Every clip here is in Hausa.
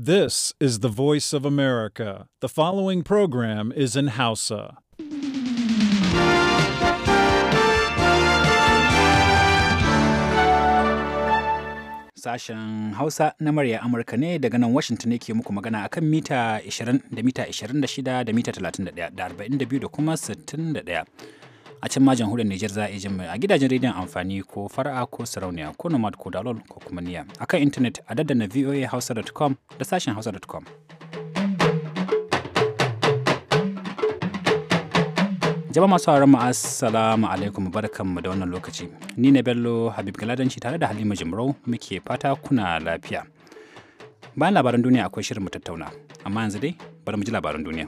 This is the voice of America. The following program is in Hausa. Sashen Hausa na murya Amurka ne daga nan Washington yake muku magana akan mita 20 da mita 26 da mita 31 da 42 da kuma 61. a can ma jamhuriyar Nijar za a iya mai a gidajen rediyon amfani ko fara'a ko sarauniya ko nomad ko dalol ko kuma niya akan intanet a daddana voahausa.com da sashen hausa.com. jama'a masu haram assalamu alaikum barkan mu da wannan lokaci ni na bello habib galadanci tare da halima jimrau muke fata kuna lafiya bayan labaran duniya akwai shirin mu tattauna amma yanzu dai bari mu ji labaran duniya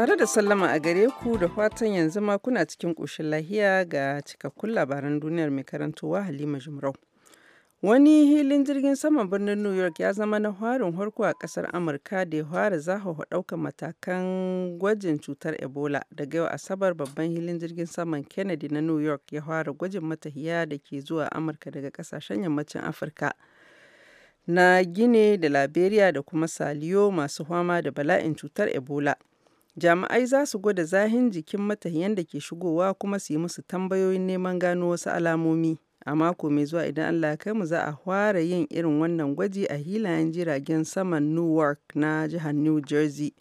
Tare da sallama a gare ku da fatan yanzu ma kuna cikin ƙoshin lahiya ga cikakkun labaran duniyar mai karantowa Halima Jumrau. Wani hilin jirgin saman birnin New York ya zama na harin harko a ƙasar Amurka da ya fara zahawa ɗaukar matakan gwajin cutar Ebola daga yau Asabar babban hilin jirgin saman Kennedy na New York ya fara gwajin matahiya da ke zuwa Amurka daga ƙasashen yammacin Afirka. na Gine da Liberia da kuma Saliyo masu fama da bala'in cutar Ebola. Jami'ai za su gwada zahin jikin matahiyan da ke shigowa kuma su yi musu tambayoyin neman gano wasu alamomi. A mako mai zuwa idan Allah kai mu za a fara yin irin wannan gwaji a hilayen jiragen saman Newark na jihar New Jersey.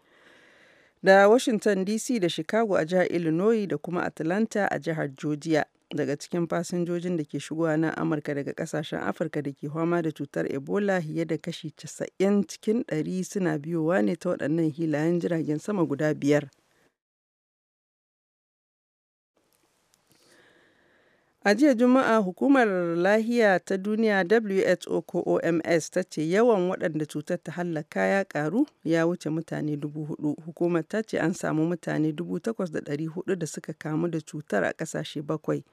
Da Washington DC da Chicago a jihar Illinois da kuma Atlanta a jihar Georgia. daga cikin fasinjojin da ke shigowa na Amurka daga kasashen Afirka da ke fama da cutar Ebola fiye da kashi 90 cikin 100 suna biyowa ne ta waɗannan hilayen jiragen sama guda biyar. A jiya Juma'a, Hukumar Lahiya ta Duniya (WHO ko OMS) ta ce yawan waɗanda cutar ta hallaka ya ƙaru ya wuce mutane 4,000. Hukumar ta ce an samu mutane 8,400 da suka kamu da cutar a ƙasashe bakwai,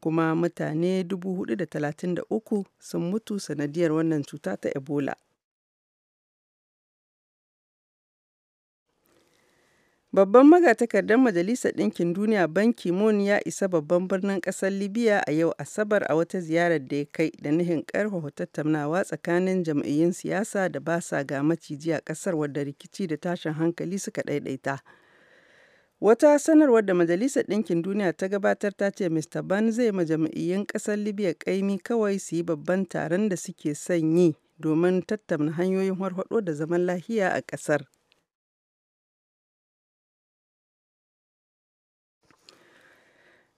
kuma mutane da uku sun mutu sanadiyar wannan cuta ta Ebola. Babban magatakardar Majalisar Dinkin Duniya Ban ki ya isa babban birnin kasar Libya a yau Asabar a wata ziyarar da ya kai da nihin ƙarfafa tattaunawa tsakanin jam'iyyun siyasa da ba sa ga maciji a ƙasar wadda rikici da tashin hankali suka ɗaiɗaita. Wata sanarwar da Majalisar Dinkin Duniya ta gabatar ta ce Mr. Ban zai ma jam'iyyun ƙasar Libya kaimi kawai su yi babban taron da suke son yi domin tattauna hanyoyin warhaɗo da zaman lafiya a ƙasar.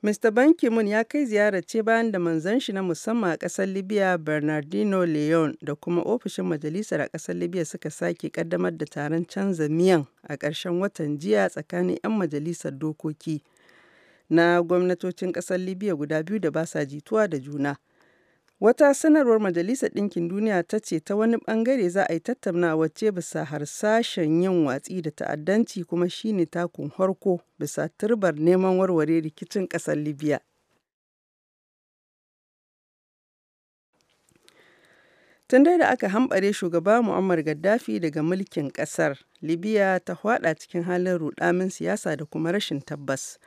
Mr. Ban Ki-moon ya kai ziyarar bayan da manzan shi na musamman a ƙasar Libya Bernardino Leon da kuma ofishin majalisar a ƙasar Libya suka sake ƙaddamar da taron canza miyan a ƙarshen watan jiya tsakanin 'yan majalisar dokoki na gwamnatocin ƙasar Libya guda biyu da basa jituwa da juna. Wata sanarwar Majalisar Ɗinkin Duniya ta ce ta wani ɓangare za a yi tattaunawa ce bisa harsashen yin watsi da ta'addanci kuma shine takun harko bisa turbar neman warware rikicin ƙasar Libya. Tun da aka hambare shugaba Muammar Gaddafi daga mulkin ƙasar, Libya ta hwada cikin halin rudamin siyasa da kuma rashin tabbas.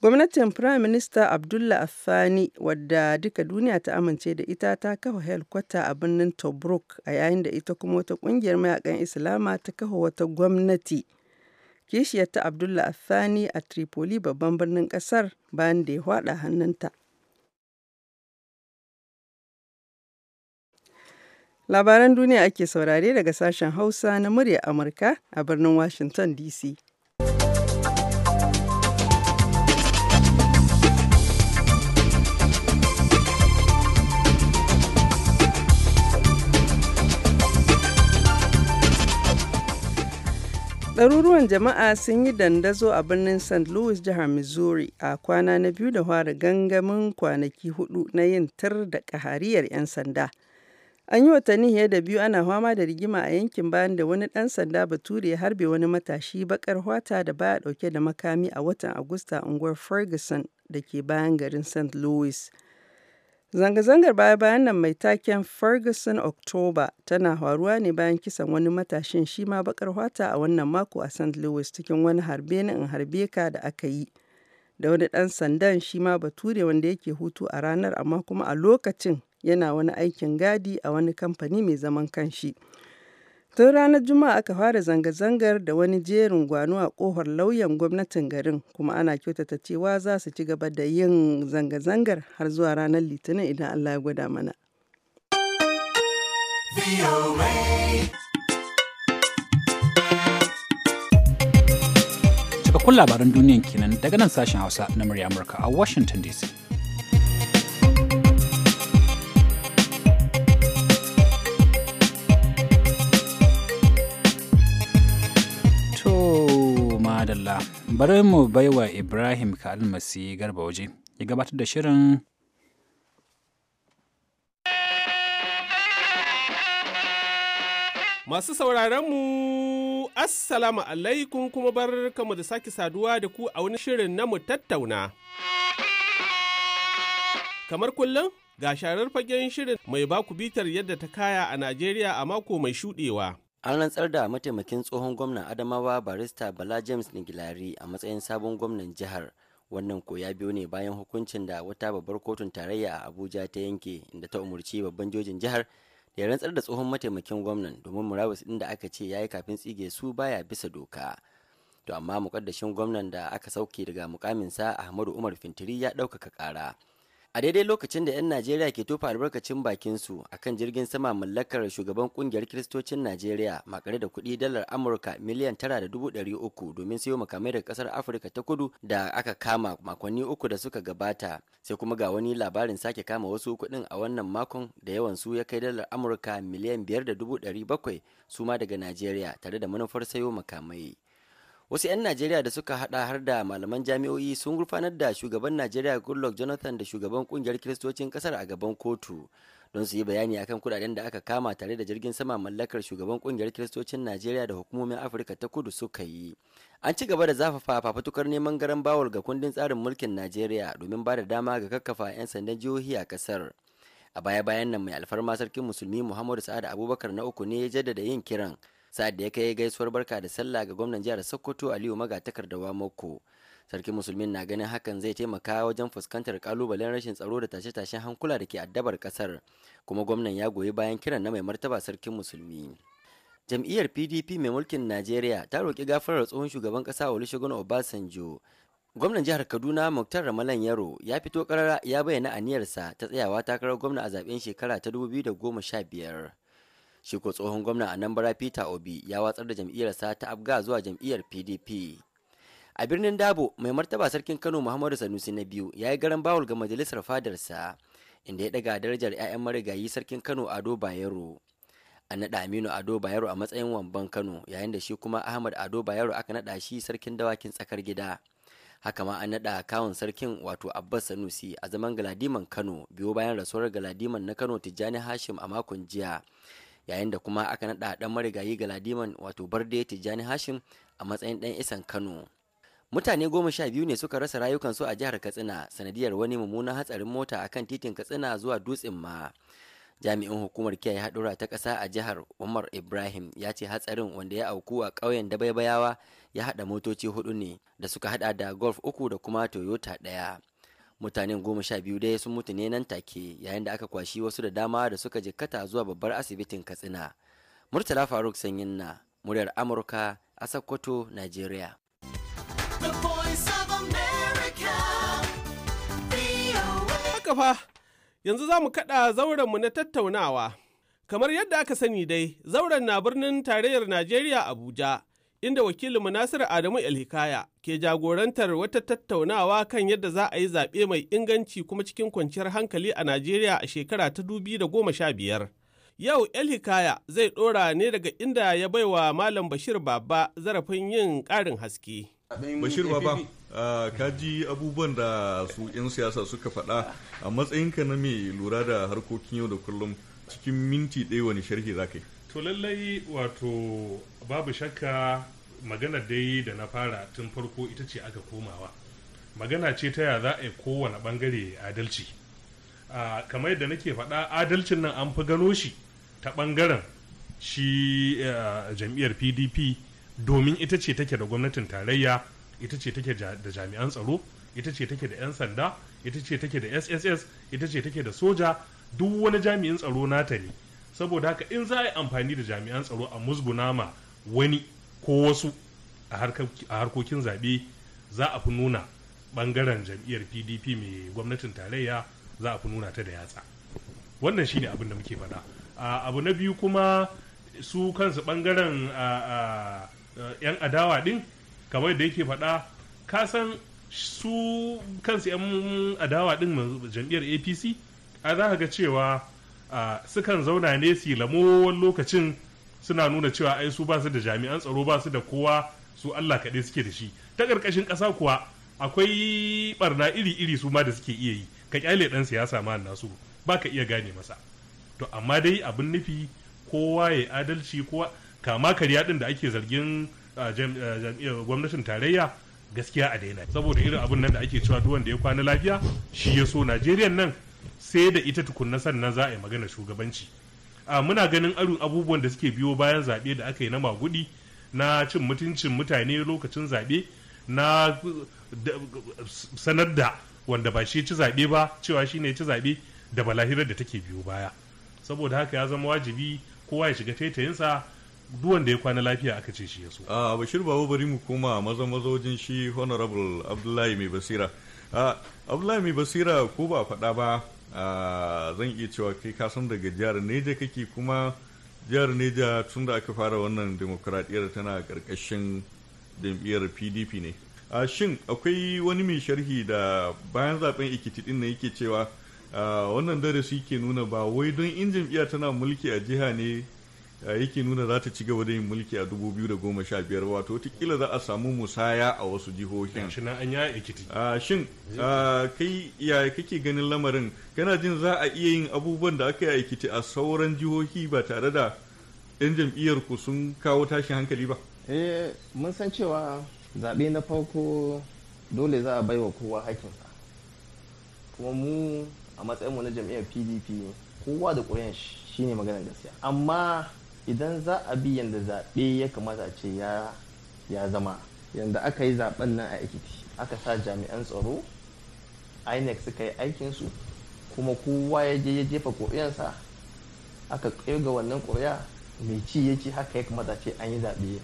Gwamnatin Firaminista Abdullah Afani wadda duka duniya ta amince da ita ta kafa helkwata a birnin Tobruk a yayin da ita kuma wata ƙungiyar mayakan Islama ta kafa wata gwamnati kishiyarta Abdullah Afani a Tripoli babban birnin ƙasar bayan da ya hwada hannunta. Labaran duniya ake saurare daga sashen Hausa na muryar Amurka a birnin Washington DC. Ɗaruruwan jama'a sun yi dandazo a birnin St. Louis, jihar Missouri, a kwana na biyu da fara gangamin kwanaki hudu na yin tir da kahariyar 'yan sanda. An yi watanni fiye da biyu ana fama da rigima a yankin bayan da wani ɗan sanda bature ya harbe wani matashi bakar hwata da baya ɗauke da makami a watan Agusta unguwar Ferguson da ke bayan garin St. Louis. Zanga-zangar baya-bayan nan mai taken ferguson October tana faruwa ne bayan kisan wani matashin shi ma baƙar fata a wannan mako a St. Louis cikin wani harbe-ni-in-harbe-ka da aka yi da wani ɗan sandan shi ma Bature wanda yake hutu a ranar amma kuma a lokacin yana wani aikin gadi a wani kamfani mai zaman kanshi. Tun ranar Juma'a aka fara zanga-zangar da wani jerin gwano a kofar lauyan gwamnatin garin, kuma ana kyautata cewa za su ci gaba da yin zanga-zangar har zuwa ranar Litinin idan Allah ya gwada mana. Cikakkun labaran duniyan kenan daga nan sashen Hausa na murya Amurka a Washington DC. Allah. bari mu baiwa ibrahim ka almasi garba waje ya gabatar da shirin Masu mu Assalamu alaikum kuma bar kamu da sake saduwa da ku a wani shirin na tattauna. Kamar kullum, ga sharar fagen shirin mai baku bitar yadda ta kaya a Najeriya a mako mai shuɗewa. An rantsar da mataimakin tsohon gwamnan Adamawa barista Bala James Nigilari a matsayin sabon gwamnan jihar. Wannan ko ya biyo ne bayan hukuncin da wata babbar kotun tarayya a Abuja ta yanke inda ta umarci babban jojin jihar da ya rantsar da tsohon mataimakin gwamnan domin murabus inda aka ce ya yi kafin tsige su baya bisa doka. To amma mukaddashin gwamnan da aka sauke daga mukaminsa Ahmadu Umar Fintiri ya ɗaukaka ƙara. a daidai lokacin da 'yan najeriya ke tofa albarkacin bakinsu a kan jirgin sama mallakar shugaban kungiyar kiristocin najeriya makare da kuɗi dalar amurka miliyan tara da dubu ɗari uku domin sayo makamai daga ƙasar afirka ta kudu da aka kama makonni uku da suka gabata sai kuma ga wani labarin sake kama wasu kuɗin a wannan makon da yawan su ya kai dalar amurka miliyan biyar da dubu ɗari bakwai su daga najeriya tare da manufar sayo makamai wasu 'yan najeriya da suka hada har da malaman jami'o'i sun gurfanar da shugaban najeriya goodluck jonathan da shugaban kungiyar kiristocin kasar a gaban kotu don su yi bayani akan kudaden da aka kama tare da jirgin sama mallakar shugaban kungiyar kiristocin najeriya da hukumomin afirka ta kudu suka yi an ci gaba da zafafa fafutukar neman garan bawul ga kundin tsarin mulkin najeriya domin ba da dama ga kakkafa 'yan sandan jihohi a kasar a baya bayan nan mai alfarma sarkin musulmi muhammadu sa'ad abubakar na uku ne ya jaddada yin kiran sa'ad da ya kai gaisuwar barka da sallah ga gwamnan jihar sokoto aliyu wa Moko. sarkin musulmin na ganin hakan zai taimaka wajen fuskantar kalubalen rashin tsaro da tashe-tashen hankula da ke addabar kasar kuma gwamnan ya goyi bayan kiran na mai martaba sarkin musulmi jam'iyyar pdp mai mulkin najeriya ta roƙi gafarar tsohon shugaban ƙasa olusegun obasanjo gwamnan jihar kaduna muktar ramalan yaro ya fito karara ya bayyana aniyarsa ta tsayawa takarar gwamna a zaɓen shekara ta 2015 shi ko tsohon gwamna anambra peter obi ya watsar da jam'iyyarsa ta abga zuwa jam'iyyar pdp a birnin dabo mai martaba sarkin kano muhammadu sanusi na biyu ya yi garan bawul ga majalisar fadarsa inda ya daga darajar 'ya'yan marigayi sarkin kano ado bayero a naɗa aminu ado bayero a matsayin wamban kano yayin da shi kuma ahmad ado bayero aka naɗa shi sarkin dawakin tsakar gida haka ma an naɗa kawun sarkin wato abbas sanusi a zaman galadiman kano biyo bayan rasuwar galadiman na kano tijjani hashim a makon jiya yayin da kuma aka naɗa ɗan marigayi ga ladiman wato barde tijjani hashim a matsayin ɗan isan kano mutane goma sha biyu ne suka rasa rayukansu a jihar katsina sanadiyar wani mummunan hatsarin mota akan titin katsina zuwa dutsen ma jami'in hukumar kiyaye haɗura ta ƙasa a jihar umar ibrahim ya ce hatsarin wanda ya auku a ƙauyen dabaibayawa ya haɗa motoci hudu ne da suka haɗa da golf uku da kuma toyota ɗaya mutanen goma sha biyu dai sun mutu ne nan take yayin da aka kwashi wasu da dama da suka jikkata zuwa babbar asibitin katsina murtala faruk sanyin na muryar amurka a sokoto nigeria yanzu za mu kaɗa mu na tattaunawa kamar yadda aka sani dai zauren na birnin tarayyar najeriya abuja inda wakilin Nasiru Adamu Elhikaya ke jagorantar wata tattaunawa kan yadda za a yi zaɓe mai inganci kuma cikin kwanciyar hankali a Najeriya a shekara ta dubi da goma sha biyar. Yau Elhikaya zai ɗora ne daga inda ya baiwa Malam Bashir Baba zarafin yin ƙarin haske. Bashir Baba, ah, ka ji abubuwan da su 'yan siyasa suka faɗa a matsayinka na mai lura da harkokin yau da kullum cikin minti ɗaya wani sharhi za ka yi. to lallai wato babu shakka magana dai da na fara tun farko ita ce aka komawa magana ce ta ya za a yi kowane bangare adalci kamar yadda nake faɗa adalcin nan an fi gano shi ta bangaren shi eh, jam'iyyar pdp domin ita ce take da gwamnatin tarayya ita ce take da jami'an tsaro ita ce take da 'yan sanda ita ce take da sss ita ce take da soja duk wani jami'in tsaro nata ne saboda haka in za a yi amfani da jami'an tsaro a musguna ma wani ko wasu a harkokin zaɓe za a fi nuna ɓangaren jam'iyyar pdp mai gwamnatin tarayya za a fi nuna ta da yatsa wannan shine abin da muke faɗa abu na biyu kuma su kansu ɓangaren yan adawa ɗin kamar da yake faɗa kasan su kansu yan adawa ɗin jam'iyyar apc a za ga cewa sukan zauna ne su lamo lokacin suna nuna cewa ai su ba da jami'an tsaro ba su da kowa su Allah kaɗai suke da shi ta ƙarƙashin ƙasa kuwa akwai barna iri-iri su ma da suke iya yi ka ƙyale ɗan siyasa ma nasu ba ka iya gane masa to amma dai abin nufi kowa ya adalci kowa kama karya ɗin da ake zargin gwamnatin tarayya gaskiya a daina saboda irin abin nan da ake cewa duk wanda ya kwana lafiya shi ya so najeriya nan sai da ita tukunna sannan za a yi magana shugabanci a muna ganin aru abubuwan da suke biyo bayan zaɓe da aka yi na magudi na cin mutuncin mutane lokacin zaɓe na sanar da wanda ba shi ci zaɓe ba cewa shi ne ci zaɓe da balahirar da take biyo baya saboda haka ya zama wajibi kowa ya shiga taitayinsa duk wanda ya kwana lafiya aka ce shi ya so. a bashir babu bari mu koma maza maza wajen shi honorable abdullahi mai basira abdullahi mai basira ko ba faɗa ba zan iya cewa kai ka san daga jihar neja kake kuma jihar neja tun da aka fara wannan demokuraɗiyar tana ƙarƙashin jam'iyyar pdp ne a shin akwai wani mai sharhi da bayan zaben ikiti din nan yake cewa wannan darasi ke nuna ba wai don in jam'iyya tana mulki a jiha ne yake nuna za ta ci gaba da yin mulki a 2015 wato kila za a samu musaya a wasu jihohin na an ya ikiti shin kai ya kake ganin lamarin kana jin za a iya yin abubuwan da aka yi ikiti a sauran jihohi ba tare da yan jam'iyyar ku sun kawo tashin hankali ba eh mun san cewa zaɓe na farko dole za a bai wa kowa hakinsa kuma mu a matsayinmu na jam'iyyar pdp kowa da ƙuri'an shi shine maganar gaskiya amma idan za a bi yadda zaɓe ya kamata ce ya zama yadda aka yi zaɓen nan a ekiti aka sa jami'an tsaro inec suka yi aikinsu kuma kowa ya je ya jefa ƙuri'ansa aka ga wannan ƙuri'a mai ci ya ci haka ya kamata ce an yi zaɓe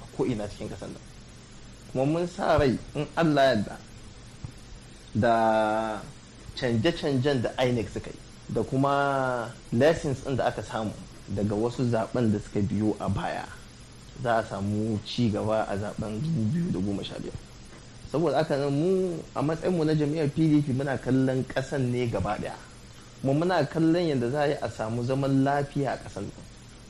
a ko'ina cikin ƙasar nan kuma mun sa rai in allah yadda da canje-canjen da inec suka yi da kuma lessons ɗin da aka samu daga wasu zaben da suka biyo a baya za a samu ci gaba a zaben 2015 saboda aka nan mu a matsayinmu na jami'ar pdp muna kallon kasan ne gaba daya mu muna kallon yadda za a yi a samu zaman lafiya a kasan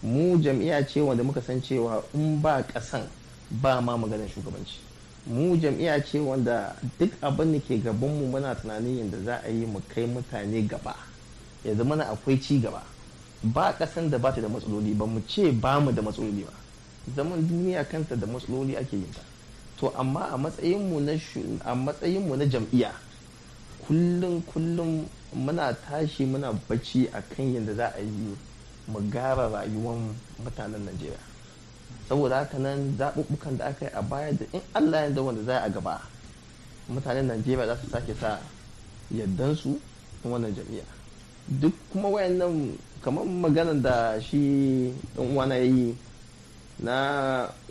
mu jam'iyya ce wanda muka san cewa in ba kasan ba ma maganar shugabanci mu jam'iyya ce wanda duk abin da ke gabanmu muna tunanin yadda za a yi mu kai mutane gaba ya zama akwai ci gaba ba kasan da ba ta da matsaloli ba mu ce ba mu da matsaloli ba zaman duniya kansa da matsaloli ake yin ta to amma a matsayinmu na a matsayinmu na jam'iyya kullum kullum muna tashi muna bacci a kan yadda za a yi mu gara rayuwar mutanen najeriya saboda haka nan zaɓuɓɓukan da aka yi a baya da in allah ya wanda za a gaba mutanen najeriya za su sake sa yardansu su wannan jam'iyya duk kuma wayannan kamar maganan da shi ɗan uwana ya yi na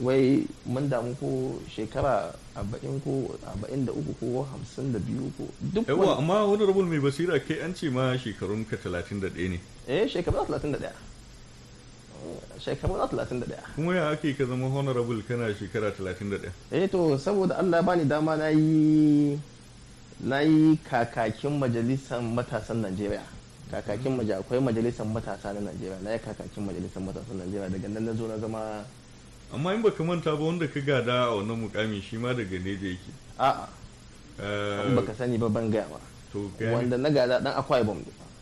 wai mun damu ko shekara arba'in ko arba'in da uku ko hamsin da biyu ko duk yawa amma wani rabul mai basira kai an ce ma shekarun ka talatin da ɗaya ne eh shekarun talatin da ɗaya shekarun talatin da ɗaya kuma ya ake ka zama honorable kana shekara talatin da ɗaya eh to saboda allah bani dama na yi na yi kakakin majalisar matasan najeriya kakakin maja akwai majalisar matasa na najeriya na ya kakakin majalisar matasa na najeriya daga nan na zo na zama amma in baka manta ba wanda ka gada a wannan mukami shi ma daga da yake a in baka eh, sani ba ban gaya ba wanda na gada dan akwai bom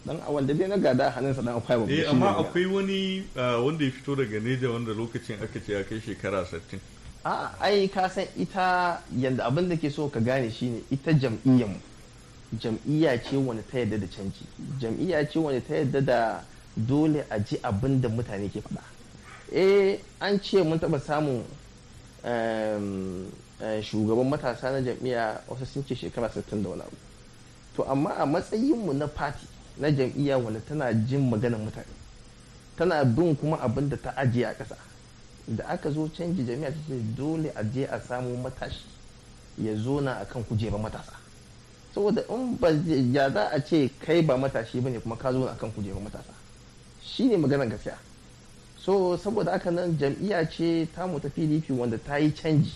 dan a wanda dai na gada hannunsa dan akwai bom eh amma akwai wani eh, wanda ya fito daga da wanda lokacin aka ce ya kai shekara 60 a ai ka san ita yanda abin da ke so ka gane shine ita jam'iyyar mu jam'iyya ce wani ta yadda da canji jam'iyya ce wani ta yadda da dole a ji abin da mutane ke faɗa eh an ce mun taɓa samun eh, shugaban matasa na jam'iyya wasu sun ce shekara sittin da wani abu to amma a matsayinmu na fati na jam'iyya wani tana jin maganar mutane tana bin kuma abin da ta ajiye a ƙasa da aka zo canji jam'iyya ta ce dole a je a samu matashi ya zo na akan kujerar matasa saboda in ba ya za a ce kai ba matashi ba ne kuma ka zo akan kujeru matasa shine maganar gaskiya so saboda haka nan jam'iyya ce ta mu filifi wanda ta yi canji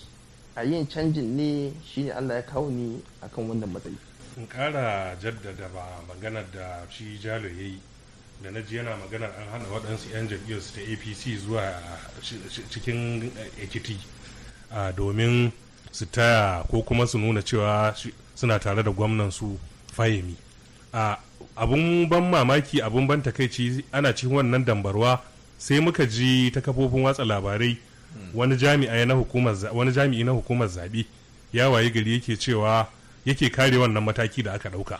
a yin canjin ne shi ne allah ya kawo ni akan wannan matsayi in kara jaddada ba maganar da shi jalo ya yi da na ji yana maganar an hana waɗansu 'yan jam'iyyar su ta apc zuwa cikin eh, ekiti ah, domin su taya ko kuma su nuna cewa suna tare da gwamnan su fayemi a abun ban mamaki abun ban takaici ana cikin wannan dambarwa sai muka ji ta kafofin watsa labarai wani jami'i na hukumar wani jami'i na hukumar zabe ya waye gari yake cewa yake kare wannan mataki da aka dauka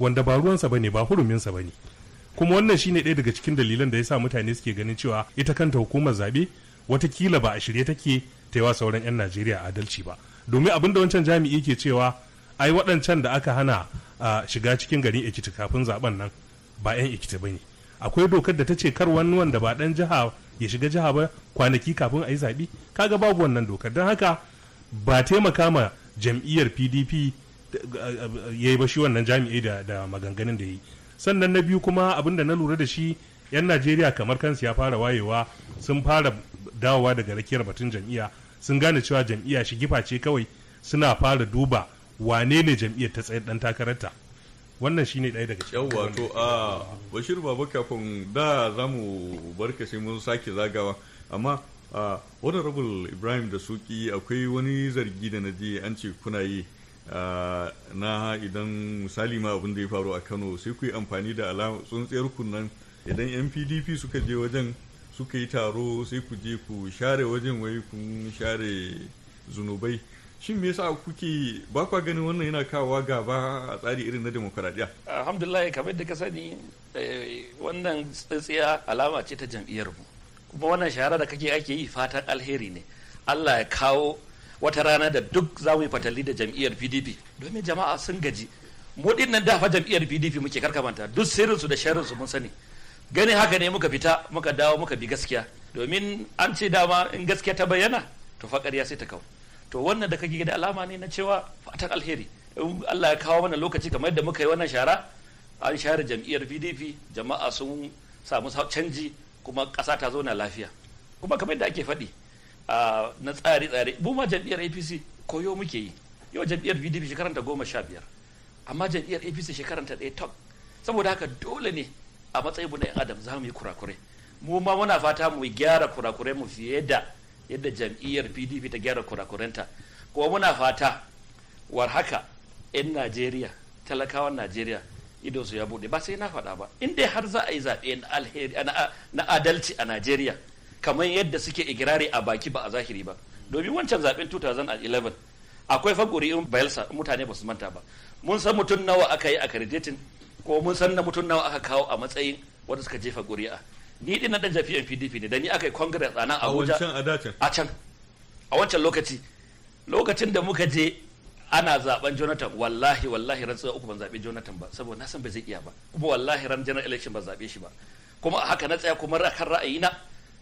wanda ba ruwansa bane ba huruminsa bane kuma wannan shine ɗaya daga cikin dalilan da yasa mutane suke ganin cewa ita kanta hukumar zabe watakila ba a shirye take ta yi wa sauran 'yan najeriya adalci ba domin abin da wancan jami'i ke cewa ai waɗancan da aka hana shiga cikin garin ekiti kafin zaben nan ba 'yan ekiti ba ne akwai dokar da ta ce kar wani wanda ba ɗan jiha ya shiga jiha ba kwanaki kafin a yi zaɓe kaga babu wannan dokar don haka ba taimaka ma jam'iyyar pdp ya yi ba shi wannan jami'i da maganganun da ya yi sannan na biyu kuma abin da na lura da shi 'yan najeriya kamar kansu ya fara wayewa sun fara dawowa daga rakiyar batun jam'iya sun gane cewa jam'iyya shi gifa ce kawai suna fara duba wane ne jam'iyyar ta tsayar dan takararta wannan shine ɗaya daga cikin yawwa to a bashir baba kafin da za mu barka sai mun sake zagawa amma a rabul ibrahim da suki akwai wani zargi da na ji an ce kuna yi na idan misali ma abin da ya faru a kano sai ku yi amfani da alama tsuntsiyar kunnan idan yan pdp suka je wajen suka yi taro sai ku je ku share wajen wai kun share zunubai shin me yasa kuke ba kwa ganin wannan yana kawowa gaba a tsari irin na demokradiyya alhamdulillah kamar da ka sani eh, wannan tsintsiya alama ce ta jam'iyyar mu kuma wannan shahara da kake ake yi fatan alheri ne Allah ya kawo wata rana da duk za mu fatali da jam'iyyar PDP domin jama'a sun gaji mu din nan dafa jam'iyyar PDP muke karkamanta duk sirrin su da sharrin su mun sani gani haka ne muka fita muka dawo muka bi gaskiya domin an ce dama in gaskiya ta bayyana to fa ƙarya sai ta kawo to wannan da kake da alama ne na cewa fatan alheri in Allah ya kawo mana lokaci kamar yadda muka yi wannan shara an share jam'iyyar PDP jama'a sun samu canji kuma ƙasa ta na lafiya kuma kamar yadda ake faɗi na tsare-tsare mu ma jam'iyyar APC koyo muke yi yau jam'iyyar PDP ta goma sha biyar amma jam'iyyar APC ta ɗaya tok saboda haka dole ne a matsayin mu na 'yan adam za mu yi kurakurai mu ma muna fata mu gyara kurakurai mu fiye da yadda jam'iyyar pdp ta gyara kurakurenta kuma muna fata war haka 'yan najeriya talakawan najeriya ido su ya bude ba sai na faɗa ba in dai har za a yi zaɓe na adalci a najeriya kamar yadda suke igirari a baki ba a zahiri ba domin wancan zaɓen 2011 akwai fagori in bayelsa mutane ba su manta ba mun san mutum nawa aka yi a kardetin ko mun san na mutum nawa aka kawo a matsayin wanda suka jefa ƙuri'a ni din dan jam'iyyar PDP ne da ni aka yi congress a nan Abuja a can a wancan lokaci lokacin da muka je ana zaben Jonathan wallahi wallahi ran uku ban zabe Jonathan ba saboda na san ba zai iya ba kuma wallahi ran general election ba zabe shi ba kuma a haka na tsaya kuma kan ra'ayina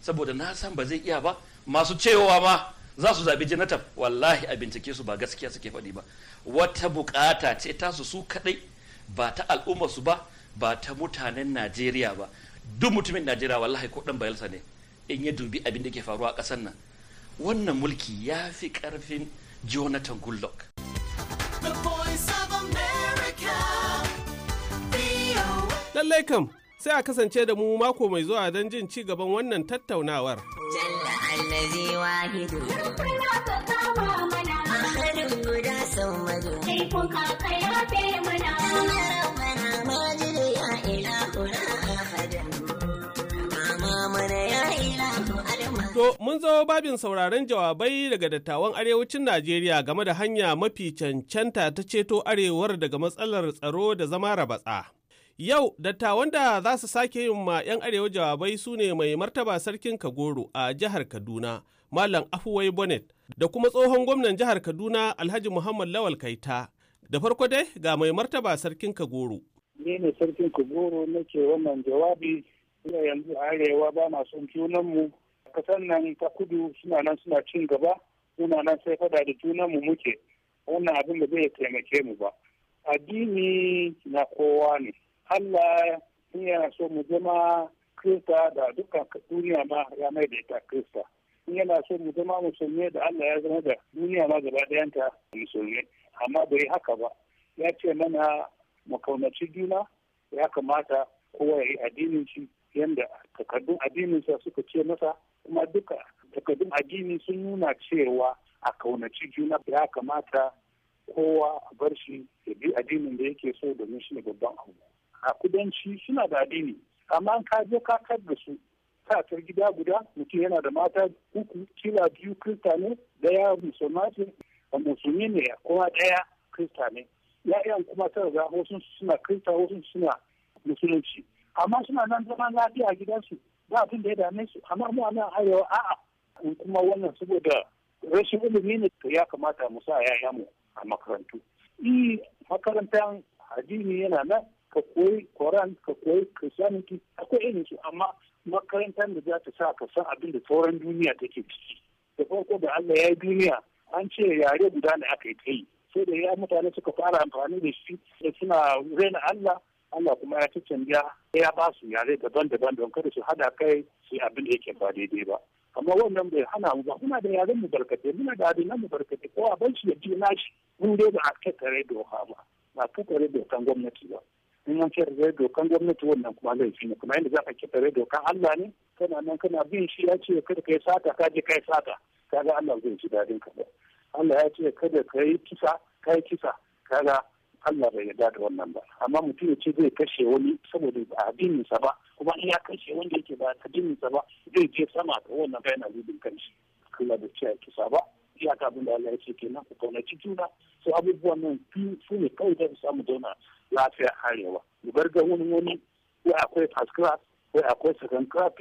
saboda na san ba zai iya ba masu cewa ma za su zaɓi Jonathan, wallahi a bincike su ba gaskiya suke faɗi ba wata bukata ce tasu su kaɗai ba ta su ba ba ta mutanen najeriya ba duk mutumin najeriya wallahi ko dan bayelsa ne in ya dubi abin da ke faruwa a ƙasar nan wannan mulki ya fi ƙarfin jonathan goodluck lallai kam sai a kasance da mu mako mai zuwa don jin ci gaban wannan tattaunawar jalla kun wahidu To, mun zo babin sauraron jawabai daga dattawan arewacin Najeriya game da hanya mafi cancanta ta ceto arewar daga matsalar tsaro da zama rabatsa. Yau, dattawan da za su sake yin ma 'yan arewa jawabai su ne mai martaba sarkin Kagoro a jihar Kaduna, Malam Afuwai Bonnet, da kuma tsohon gwamnan jihar Kaduna Alhaji Muhammad Lawal Kaita. Da farko dai ga mai martaba sarkin Kagoro. Ni ne sarkin Kagoro nake wannan jawabi, yanzu arewa ba na junanmu. kasan nan ta kudu suna nan suna cin gaba suna nan sai fada da junan mu muke wannan abin da zai taimake mu ba addini na kowa ne Allah yana so mu zama Krista da dukkan duniya ma ya mai da ita Krista in yana so mu zama musulmi da Allah ya zama da duniya ma gaba dayanta musulmi amma bai haka ba ya ce mana mu kaunaci juna ya kamata kowa ya yi addinin shi yadda takardun addininsa suka ce masa kuma duka takardun addini sun nuna cewa a kaunaci juna ya kamata kowa a bar shi ya bi addinin da yake so domin shi ne babban abu a kudanci suna da addini amma ka je ka kar da su katar gida guda mutum yana da mata uku kila biyu krista ne daya musulma ce musulmi ne kuma daya krista ne ya'yan kuma ta riga wasu suna krista wasu suna musulunci amma suna nan zama lafiya gidansu ba abin da ya dame su amma mu a nan arewa a'a in kuma wannan saboda rashin ilimi ne to ya kamata mu sa yaya mu a makarantu i makarantar addini yana nan ka koyi koran ka koyi a akwai irin su amma makarantar da za ta sa ka san abin da sauran duniya take ciki da farko da Allah ya yi duniya an ce yare guda ne aka yi ta yi sai da ya mutane suka fara amfani da shi da suna raina Allah Allah kuma ya canja ya ba su yare daban-daban don kada su hada kai su abin da yake ba daidai ba amma wannan bai hana mu ba muna da yaren mu barkatai muna da addinan mu barkatai a ban shi ya ji nashi mun dai ba a kakkare doka ba ba a kakkare dokan gwamnati ba in an kakkare dokan gwamnati wannan kuma fi ne kuma yadda za ka kakkare dokan Allah ne kana nan kana bin shi ya ce kada kai sata ka je kai sata kaga Allah zai ji dadin ka ba Allah ya ce kada kai kisa kai kisa kaga Allah bai yarda da wannan ba amma mutum ya ce zai kashe wani saboda ba addininsa ba kuma in ya kashe wanda yake ba addininsa ba zai je sama da wannan bayan alibin kanshi Allah bai ce ya kisa ba iyaka abin da Allah ya ce kenan ku ci juna su abubuwan nan biyu su ne kawai da samu zauna lafiya arewa mu bar ga wani wani ko akwai first class ko akwai second class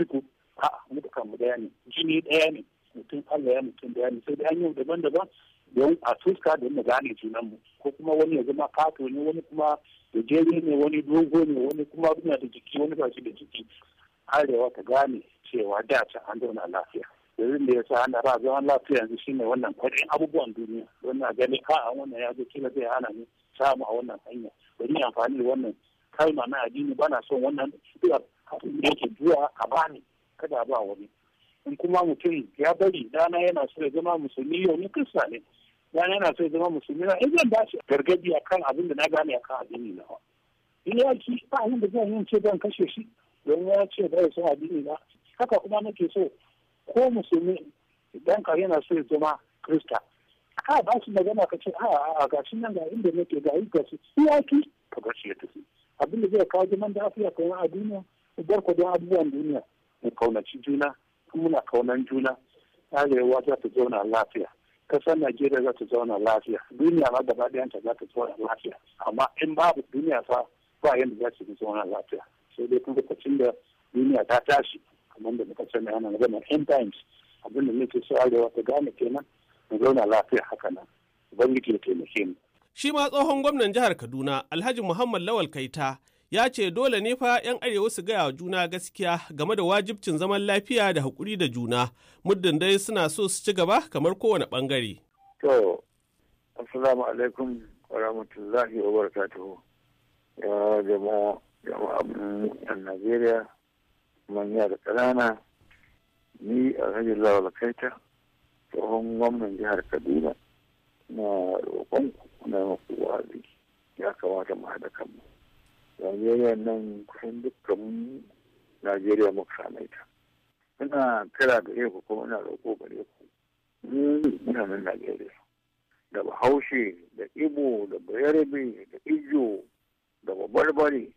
a'a mu da mu daya ne jini daya ne mutum Allah ya mutum daya ne sai da hanyoyi daban-daban don a tuska don mu gane mu ko kuma wani ya zama kato ne wani kuma jere ne wani dogo ne wani kuma yana da jiki wani ba shi da jiki arewa ta gane cewa da ta an zauna lafiya yanzu da ya sa ana ba zaman lafiya yanzu shine wannan kwaɗin abubuwan duniya don na gani ka a wannan ya zo kila zai hana ni samu a wannan hanya bari ni amfani da wannan kalma na addini bana na son wannan duka yake zuwa a bani kada ba wani in kuma mutum ya bari dana yana so ya zama musulmi yau ni kirista ne yana yana so ya zama musulmi na in eh, zan dace gargadi kan abin da na gane akan addini na in ya ci ba abin da zan yi ce zan kashe shi don ya ce ba ya so addini na haka kuma nake so ko musulmi idan ka yana so zama kirista. a ba shi magana ka ce a ah, a ah, ga shi nan ga inda nake ga yi ga shi ya ki ka ga shi ya tafi abin da zai kawo zaman da afiya yi a duniya bar ku don abubuwan duniya mu kaunaci juna muna kaunan juna arewa za ta zauna lafiya kasar Najeriya za ta zauna lafiya duniya ma gaba ɗayanta za ta zauna lafiya amma in babu duniya fa ba yadda za ta zauna lafiya sai dai kuma lokacin da duniya ta tashi kamar da muka sani ana magana end times abin da nake so arewa ta gane kenan mu zauna lafiya haka nan ubangiji ya taimake mu shi ma tsohon gwamnan jihar Kaduna Alhaji Muhammad Lawal Kaita ya ce dole ne fa 'yan arewa su gaya wa juna gaskiya game da wajibcin zaman lafiya da haƙuri da juna muddin dai suna so su ci gaba kamar kowane ɓangare. To, assalamu alaikum wa rahmatullahi wa barakatuhu. Ya jama'a jama'a Najeriya manya da ƙanana ni a rajin lawal kaita tsohon gwamnan jihar Kaduna na roƙon na ya kamata mu haɗa kanmu. soyayyar nan kusan dukkan najeriya muka same ta ina kira gare ku kuma ina roƙo gare ku nan najeriya da bahaushe da ibo da bayarbe da ijo da babarbare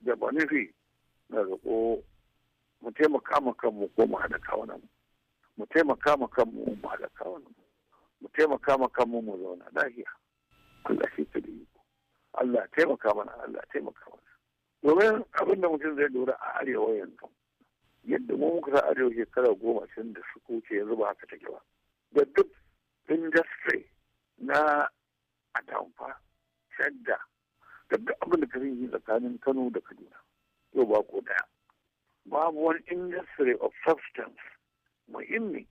da banifi na roƙo mu taimaka ma kanmu ko mu haɗa kawunan mu taimaka ma kanmu mu haɗa kawunan mu taimaka ma kanmu mu zauna lafiya Allah shi ta da Allah taimaka mana Allah taimaka mana domin abin da mutum zai lura a arewa yanzu yadda mu muka sa arewa shekara goma sun da su wuce yanzu ba haka take ba da duk industry na atamfa shadda da duk abin da kafin yi tsakanin kano da kaduna yau ba ko daya babu wani industry of substance muhimmi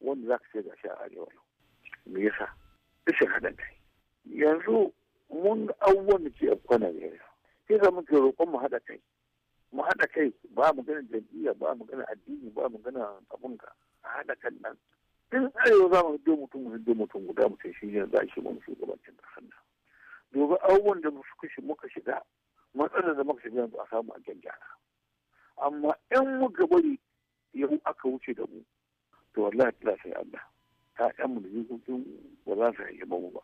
wanda za ka ce shi a arewa yau me yasa ishe haɗin kai yanzu mun abubuwan da ke afkwana da yau sai za muke roƙon mu haɗa kai mu haɗa kai ba mu gana jam'iyya ba mu gana addini ba mu gana abun ka a haɗa kan nan tun arewa za mu hiddo mutum mu hiddo mutum guda mu ce shi ne za shi mu shugabancin ƙasar nan dogo abubuwan da muka shiga matsalar da muka shiga yanzu a samu a gyara amma in muka bari yau aka wuce da mu to wallahi ta sai Allah ƴaƴanmu da jikokin ba za su yi mu ba.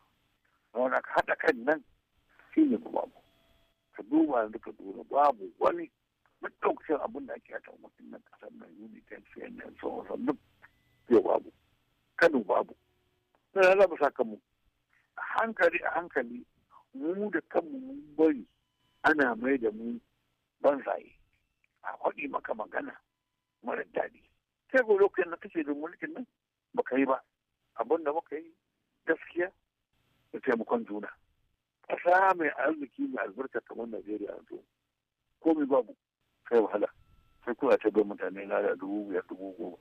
Wani haɗa kan nan shi ne kuma mu. ka duba da ka duba babu wani maɗaukacin abin da ake a kan mutum ƙasar nan unitel cnn sauransu duk yau babu kano babu na ya ba sakamu a hankali a hankali mu da kanmu mun bari ana mai da mu banzaye a kwaɗi maka magana mara daɗi sai ko lokacin na kake da mulkin nan baka yi ba abin da muka yi gaskiya da taimakon juna ƙasa mai arziki mai albarka kamar Najeriya yanzu komai babu kai wahala sai kuma ta bai mutane na da dubu biyar dubu goma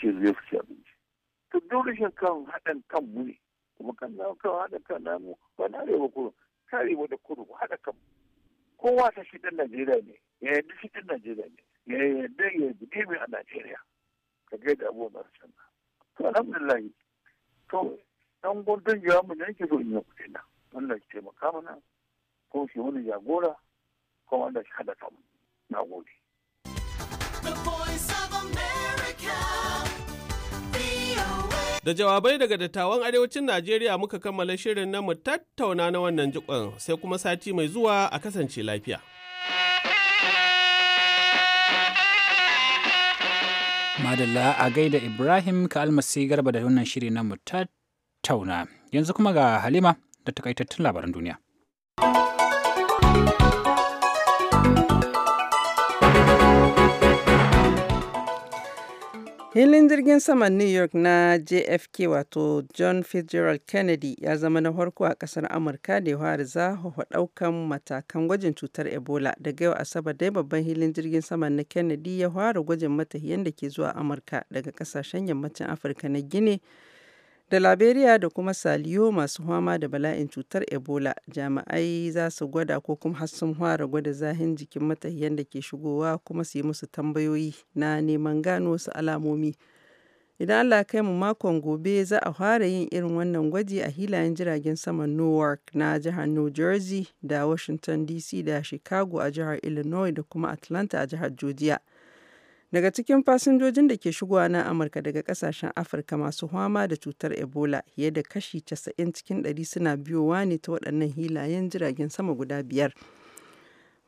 ce zai fi abinci. To dole shi kan haɗin kan mu ne kuma kan na kan haɗin kan namu ba na arewa kudu ta arewa da kudu haɗa kan kowa ta shi ɗan Najeriya ne ya yarda shi ɗan Najeriya ne ya yadda ya yi mai a Najeriya ka da abubuwan masu canza. To alhamdulillah to ɗan gudun jawa mu ne yake so in yi kuɗi na. wanda shi taimaka mana ko shi wani jagora ko wanda shi haɗa kanmu na gode. Da jawabai daga dattawan arewacin Najeriya muka kammala shirin na mu tattauna na wannan jikon sai kuma sati mai zuwa a kasance lafiya. Madalla a gaida Ibrahim ka almasi garba da wannan shiri na mu tattauna. Yanzu kuma ga Halima da takaitattun labaran duniya. hilin jirgin saman New York na JFK wato John Fitzgerald Kennedy ya zama na farko a kasar Amurka da ya za a daukan matakan gwajin cutar Ebola daga yau Asabar dai babban hilin jirgin saman na Kennedy ya fara gwajin matahiyan da ke zuwa Amurka daga kasashen yammacin Afirka na Guinea Da Liberia da kuma Saliyo masu fama da bala'in cutar Ebola, jami'ai za su gwada ko kuma har sun fara gwada zahin jikin matahiyan da ke shigowa kuma su yi musu tambayoyi na neman gano wasu alamomi. Idan Allah kai mu makon gobe za a fara yin irin wannan gwaji a hilayen jiragen saman Newark na jihar New Jersey da Washington DC da Chicago a jihar Illinois da kuma Atlanta a jihar Georgia. Daga cikin fasinjojin da ke shigowa na Amurka daga kasashen Afirka masu fama da cutar Ebola, fiye da kashi 90 cikin 100 suna biyowa ne ta waɗannan hilayen jiragen sama guda biyar.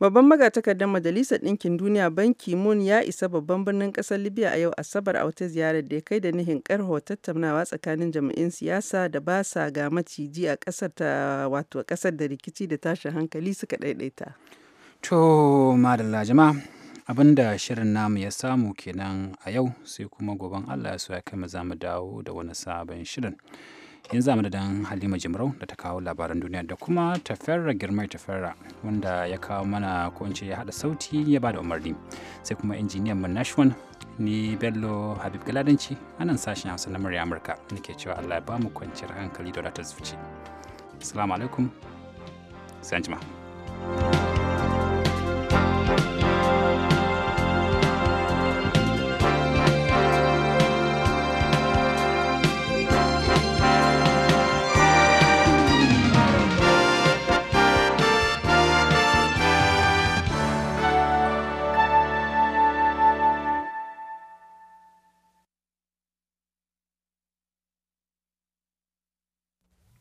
Babban magatakardar Majalisar Ɗinkin Duniya banki moon ya isa babban birnin ƙasar Libya a yau Asabar a wata ziyarar da ya kai da nihin ƙarho tattaunawa tsakanin jami'in siyasa da ba sa ga maciji a ƙasar ta wato ƙasar da rikici da tashin hankali suka ɗaiɗaita. To, madalla jama'a. Abin da shirin namu ya samu kenan a yau sai kuma goban Allah ya so ya kai mu za mu dawo da wani sabon shirin. Yanzu da dan Halima Jimrau da ta kawo labaran duniya da kuma Tafarra Girmai Tafarra wanda ya kawo mana ko ya hada sauti ya ba da umarni. Sai kuma injiniyan mu Nashwan ni Bello Habib Galadanci a nan sashen Hausa na murya Amurka nake cewa Allah ya ba mu kwanciyar hankali da wadatar zuci. Assalamu alaikum. Sai thank you